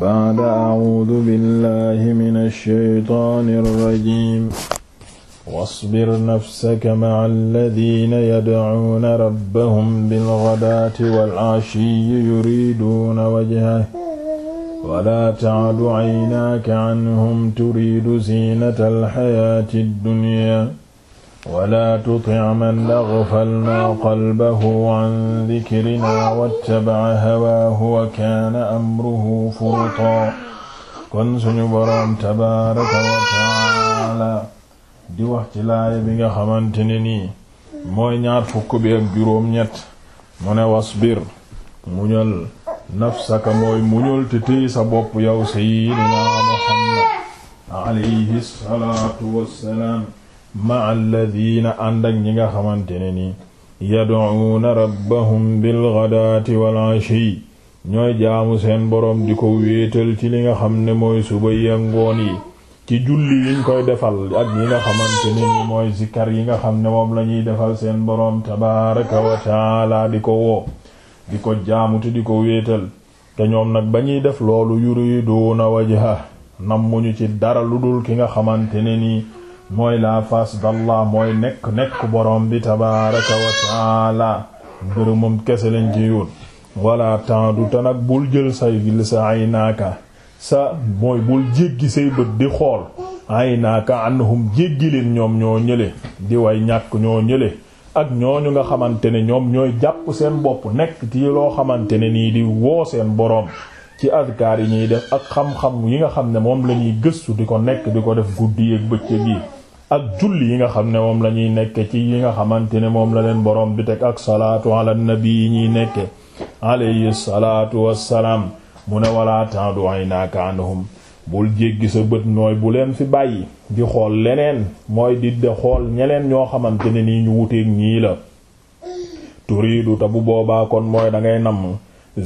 baada acuudu billahi min alshaytaani alrajim wasbir nafsaka maca alladina yadcuuna rabbahum bilgadaati walcachiyi yuriduuna wajhah wala tacdu caynaaka canhum turiidu ziinata alxayaati alduniya wala tuti man aghfalna qalbahu an dhikrina wattaba'a hawaahu wa kaana amruhu furta kon suñu boroom tabaaraka wa taala di wax ci laaya bi nga xamante ne nii mooy ñaar fukk bi ak juróom ñett mu ne wasbir muñal nafsaka mooy muñal te téye sa bopp yow sayyidina Muhammad alayhi salaatu wassalaam ma alladina ànd ak ñi nga xamante ne ni yad'uuna rabbahum bilghadaati wala ashi ñooy jaamu seen borom di ko wéetal ci li nga xam ne mooy suba yi ngoon yi ci julli yiñ koy defal ak yi nga xamante mooy zikkar yi nga xam ne moom la ñuy defal seen boroom tabaaraka wa taala di ko woo di ko jaamu te di ko wéetal te ñoom nag ba ñuy def loolu yuriduuna wajha nammuñu ci dara lu dul ki nga xamante ne nii mooy la face d'Allah mooy nekk nekk borom bi tabaraka wa taala kese lañ ci yoon wala temps du tanag bul jël say vil sa ay naaka sa mooy bul jéggi say bët di xool ay naaka annahum jéggi leen ñoom ñoo ñële di way ñàkk ñoo ñële ak ñooñu nga xamante ne ñoom ñooy jàpp seen bopp nekk ci loo xamante ne nii di woo seen boroom ci azkaar yi ñuy def ak xam-xam yi nga xam ne moom la ñuy gëstu di ko nekk di ko def guddi ak bëccëg yi ak julli yi nga xam ne moom la ñuy nekke ci yi nga xamante ne moom la leen boroom bi teg ak salaatu ala nabi yi ñuy nekke alayhi salaatu wassalaam mu ne walaa ta'du aynaka anhum bul jéggi sa bët nooy bu leen fi bàyyi di xool leneen mooy di de xool ñeneen ñoo xamante ne nii ñu wuteeg ñii la turiidu bu boobaa kon mooy dangay namm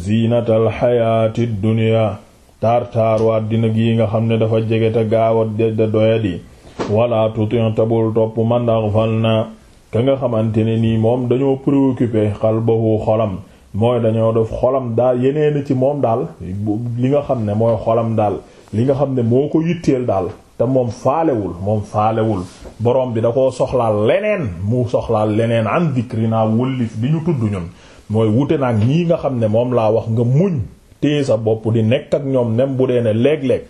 ziinatal xayaati dunya taar taar waat dina gi nga xam ne dafa jege te gaaw a doyadi wala tutin tabul topp man aghfal na ka nga xamante ne nii moom dañoo préoccupé qalbahu xolam mooy dañoo def xolam daal yeneen ci moom daal li nga xam ne mooy xolam daal li nga xam ne moo ko yitteel daal te moom faalewul moom faalewul borom bi da koo soxlaal leneen mu soxlaal leneen an dikrina wëllif bi ñu tudd ñun mooy wute naag ñii nga xam ne moom laa wax nga muñ téye sa bopp di nekk ak ñoom nem bu dee ne léeg-léeg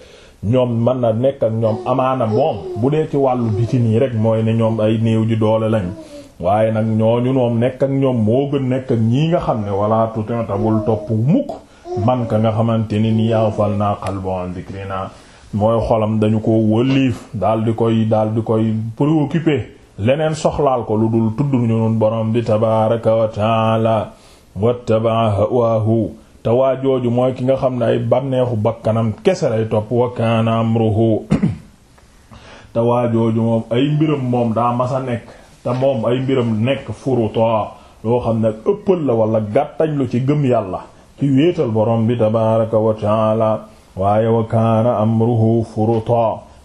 ñoom mën na nekk ak ñoom amaana moom bu dee ci wàllu biti nii rek mooy ne ñoom ay néew ji doole lañ waaye nag ñooñu moom nekk ak ñoom moo gën nekk ak ñii nga xam ne walla tutintabul topp mukk man ka nga xamante ne ni yaafal naa xalbon dikrina mooy xolam dañu ko wëlliif daal di koy daal di koy préoccupé leneen soxlaal ko lu dul tudd ñu nun borom di tabaraka wa taala wattabaa hawaahu te waa jooju mooy ki nga xam ne ay bànneexu bakkanam kese lay topp wa kaana amruhu te waa jooju moom ay mbiram moom daa masa nekk te moom ay mbiram nekk furuta loo xam ne ëppal la wala gàttañ lu ci gëm yàlla ci wéetal borom bi tabaraka wa taala waaye wa kaana amruhu furuta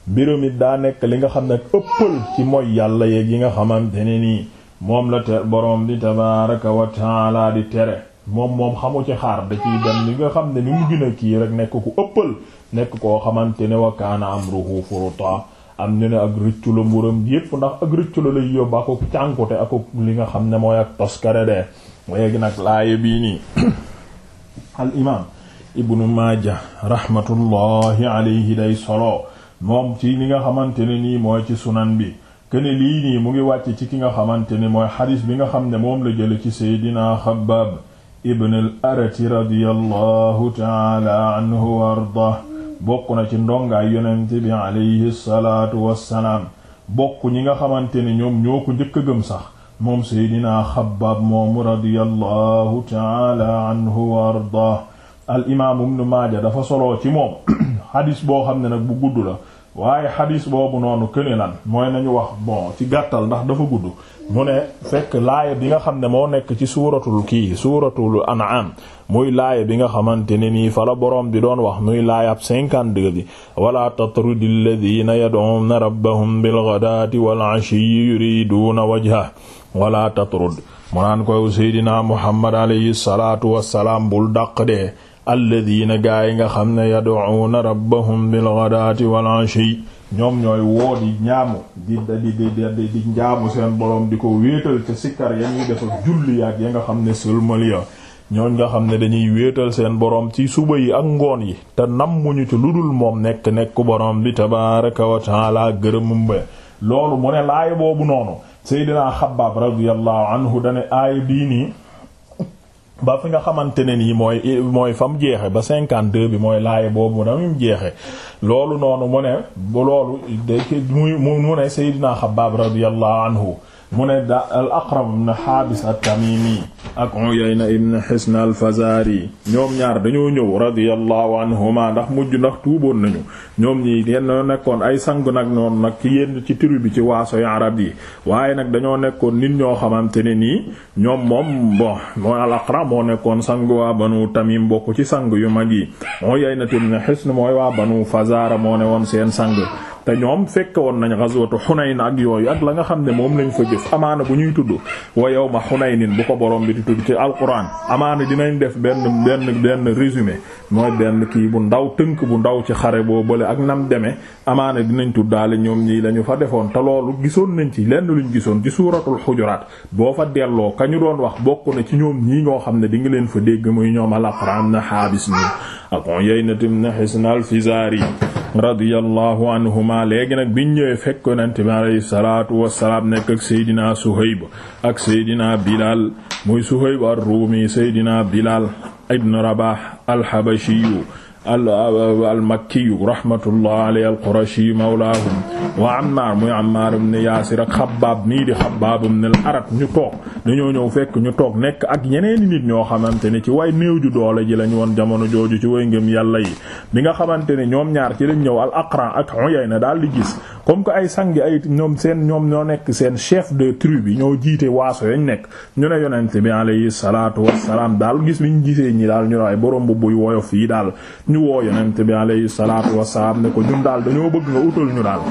mbiram it daa nekk li nga xam ne ëppal ci mooy yàlla yeeg yi nga xamante ne nii moom la te borom bi tabaraka wa taala di tere moom moom xamu ci xaar da ciy dem li nga xam ne ni mu gën kii rek nekk ku ëppal nekk koo xamante ne wa kaana amruhu am ñu ne ak rëccu la mburam yépp ndax ak rëccu la lay yóbbu akuk cànkute akuk li nga xam ne mooy ak toskare de léegi nag laaya bii nii al imaam ibnu maaja rahmatullahi alayhi solo moom ci li nga xamante ne nii mooy ci sunan bi kene lii nii mu ngi wàcc ci ki nga xamante ne mooy xadis bi nga xam ne moom la jël ci seydina xabbab ibn al arati radiyallahu taala anhu wa ardah bokk na ci ndongaay yonent bi alayhi salaatu wassalaam bokk ñi nga xamante ne ñoom ñoo ko njëkk a gëm sax moom seydinaa xabbaab moomu radiyallahu taala anhu wa ardah al imaamu ibnu maaja dafa soloo ci moom xadis boo xam ne nag bu gudd la waaye xadis boobu noonu këne lan mooy nañu wax bon ci gàttal ndax dafa gudd mu ne fekk laaye bi nga xam ne moo nekk ci suuratul kii suuratul an'am muy laaye bi nga xamante ne nii fala borom boroom bi doon wax muy laayab 52 bi wala tatrudi alladina yad'una rabbahum bilghadaati wal 'ashiyyi yuriduuna wajha wala tatrud mu naan koy seydina muhammad alayhi salaatu wassalaam bul dàq dee alladina gaa yi nga xam ne yad'una rabbahum bil ghadati wal ashi ñoom ñooy woo di ñaamu di di di di njaamu seen boroom di ko wéetal ca sikkar ya ñuy def ak julli ya nga xam ne sëlmal ya ñooñ nga xam ne dañuy wéetal seen boroom ci suba yi ak ngoon yi te nammuñu ci lu dul moom nekk nekk boroom bi tabaaraka wa taala gërëmum loolu mu ne laay boobu noonu seydinaa xabaab radiyallahu anhu dane aaya bii nii ba fi nga xamante ne nii mooy mooy fa mu jeexe ba cinquante deux bi mooy laaye boobu na mu jeexe loolu noonu mu ne bu loolu de muy mu ne Seydina Xabbaab radiyallahu anhu mu ne da al aqram ibn xaabis at-tamimi ak uyayna ibn xisn al-fazari ñoom ñaar dañoo ñëw radiyallahu anhuma ndax mujj ndax tuuboon nañu ñoom ñi yenn nekkoon ay sang nag noonu nag ci yenn ci tribu bi ci waasoy arab yi waaye nag dañoo nekkoon nit ñoo xamante ne nii ñoom moom bon mooy al aqram moo nekkoon sang waa banu tamim bokk ci sang yu mag yi na ibn xisn mooy waa banu fazara moo ne woon seen sang te ñoom fekk woon nañ ghazwatu Hunayn ak yooyu ak la nga xam ne moom lañ fa jëf amaana bu ñuy tudd wa yawma Hunaynin bu ko boroom bi di tudd ci alquran amaana dinañ def benn benn benn résumé mooy benn kii bu ndaw tënk bu ndaw ci xare boo bële ak nam demee amaana dinañ tuddaale ñoom ñii lañu fa defoon te loolu gisoon nañ ci lenn luñ gisoon ci suuratul xujuraat boo fa delloo ka ñu doon wax bokk na ci ñoom ñii ñoo xam ne di nga leen fa dégg muy ñoom al-Aqra' ibn Haabis ni ak Uyayna ibn Hisn al-Fizari radiyallahu anhuma léegi nag biñ ñëwee fekk yonent bi alayhi salaatu wassalaam nekk ak seydina Suhayb ak seydina Bilal muy Suhayb ar-Rumi seydina Bilal ibn Rabah al-Habashiyu al al makkiyu rahmatullah alayhi al qurashi mawlaahum wa Ammaar muy Ammaar ibn Yaasir ak Xabbaab nii di Xabbaab ibn al Arat ñu toog dañoo ñëw fekk ñu toog nekk ak yeneen nit ñoo xamante ne ci way néew ju doole ji lañ woon jamono jooju ci way ngëm yàlla yi bi nga xamante ne ñoom ñaar ci lañ ñëw al Aqra ak na daal di gis comme que ay sangi ay ñoom seen ñoom ñoo nekk seen chef de tribu bi ñoo jiite waaso yañ nekk ñu ne yonent bi alayhi salaatu wassalaam daal gis liñ gisee ñi daal ñu ay borom bu buy woyof daal ñu woo yonent bi alayhi salaatu wasalaam ne ko ñun daal dañoo bëgg nga utal ñu daal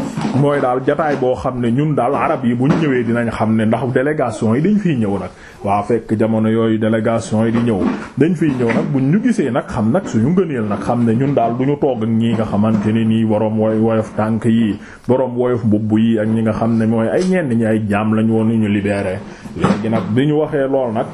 mooy daal jataay boo xam ne ñun daal arab yi bu ñu ñëwee dinañ xam ne ndax délégation yi dañ fiy ñëw nag waa fekk jamono yooyu délégation yi di ñëw dañ fiy ñëw nag bu ñu gisee nag xam nag suñu ngëneel nag xam ne ñun daal du ñu toog ak ñii nga xamante ne nii boroom woy woyof tànk yi boroom woyof mbubb yi ak ñi nga xam ne mooy ay ñenn ñi ay jaam lañ woon ñu libéré léegi nag bi ñu waxee lool nag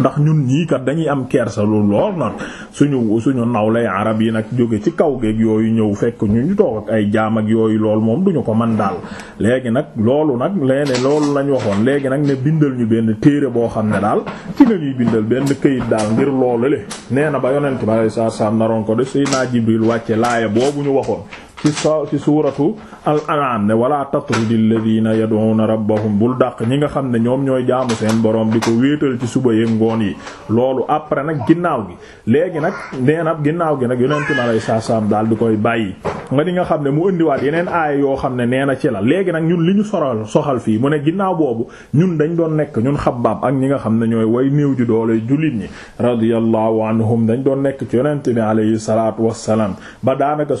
ndax ñun ñii kat dañuy am kersa lu lool nag suñu suñu nawlay arab yi nag jóge ci kaw geeg yooyu ñëw fekk ñu ñu toog ak ay jaamak yooyu lool moom duñu ko man daal léegi nag loolu nag léegi loolu lañ waxoon léegi nag ne bindal ñu benn téere boo xam ne daal ci nga ñuy bindal benn kayit daal ngir loolu le nee na ba yonent ba sallallahu alayhi wasallam naroon ko def Sayyidina Jibril wàcce laaya boobu ñu waxoon ci sa ci suuratu al-an'am ne wala tatrudi alladhina yad'una rabbahum bul dàq ñi nga xam ne ñoom ñooy jaamu seen borom di ko wéetal ci suba yeeg ngoon yi loolu après nag ginnaaw gi léegi nag nee na ginnaaw gi nag yonent ma lay saa saam daal di koy bàyyi nga di nga xam ne mu indiwaat yeneen aaya yoo xam ne nee na ci la léegi nag ñun li ñu soral soxal fii mu ne ginnaaw boobu ñun dañ doon nekk ñun xabbaab ak ñi nga xam ne ñooy way néew ji doole jullit ñi radiyallahu anhum dañ doon nekk ci yonent bi alayhi salaatu wassalaam ba daanaka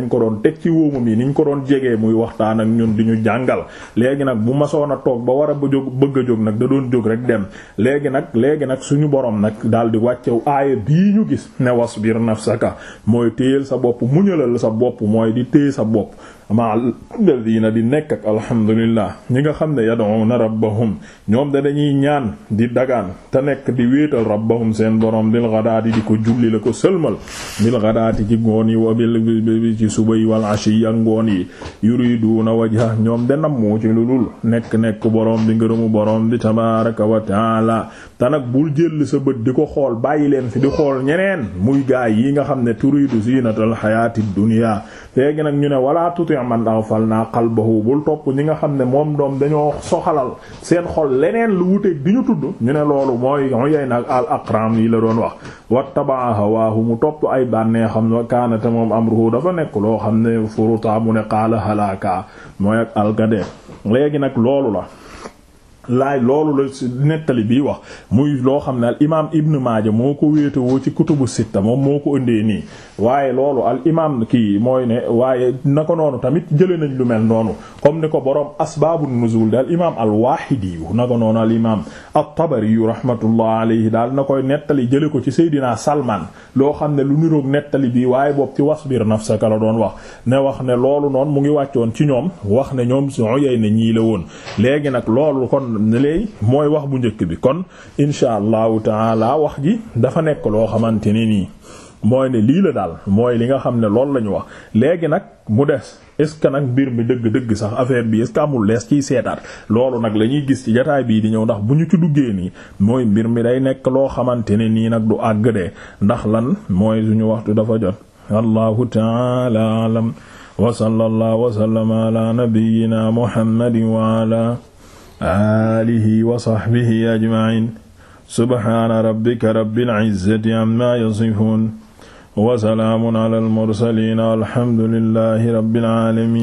dañ ko doon teg ci wóomam yi ni ko doon jegee muy waxtaan ak ñun di ñu jàngal léegi nag bu masoon a toog ba war a ba bëgg a jóg nag da doon jóg rek dem léegi nag léegi nag suñu borom nag daal di wàccew aaya bii ñu gis ne wasbir nafsaka mooy téyel sa bopp muñalal sa bopp mooy di téye sa bopp maa ma alladina di nekk ak alhamdulillah ñi nga xam ne yad'una rabbahum ñoom da dañuy ñaan di dagaan te nekk di wéetal rabbahum seen borom bil ghadaati di ko julli la ko sëlmal bil ghadaati ci ngoon yi wa bil ci suba yi wal ashi ak ngoon yi yuriduna wajha ñoom de nammu ci lu dul nekk nekk borom bi ngërëmu boroom bi tabaaraka wa taala te nag bul jël sa bët di ko xool bàyyi leen fi di xool ñeneen muy gaay yi nga xam ne turidu zinatal hayaatid dunya léegi nag ñu ne wala tuti man aghfalna qalbahu bul topp ñi nga xam ne moom doom dañoo soxalal seen xol leneen lu wuteeg bi ñu tudd ñu ne loolu mooy yoy nag al aqram yi la doon wax wattaba'a hawaahu mu topp ay bànneexam wa kaana te moom amruhu dafa nekk loo xam ne furuta mu ne qaala halaka mooy ak algade léegi nag loolu la laaj loolu la nettali bii wax muy loo xam ne al imaam Ibn Maaja moo ko wéetewoo ci kutubu sitta moom moo ko ëndee nii waaye loolu al imam kii mooy ne waaye na ko noonu tamit jëlee nañ lu mel noonu comme ni ko borom asbaabu nuzul daal imaam al Waaqidi yu na ko noonu al imaam at-Tabari yu rahmatullah alayhi daal na koy nettali jëlee ko ci Seydina salmaan loo xam ne lu niroog nettali bi waaye boobu ci wasbir nafsaka la doon wax ne wax ne loolu noonu mu ngi wàccoon ci ñoom wax ne ñoom su yey ne ñii la woon léegi nag loolu kon léegi mooy wax bu njëkk bi kon insha allahu taala wax ji dafa nekk loo xamante ne nii mooy ne lii la daal mooy li nga xam ne loolu la ñu wax léegi nag mu des est-ce que nag mbir mi dëgg-dëgg sax affaire bi est amul lees ciy seetaat loolu nag la ñuy gis ci jotaay bii di ñëw ndax bu ñu ci duggee nii mooy mbir mi day nekk loo xamante ne nii nag du àgg de ndax lan mooy suñu waxtu dafa jot allahu taala alam wa sallallahu wa sallama ala nabiyyina muhammadin wa ala alihi wa sahbihi ajma'in wa salaamun ala al mursaliin alhamdulillahi rabbil aalamiin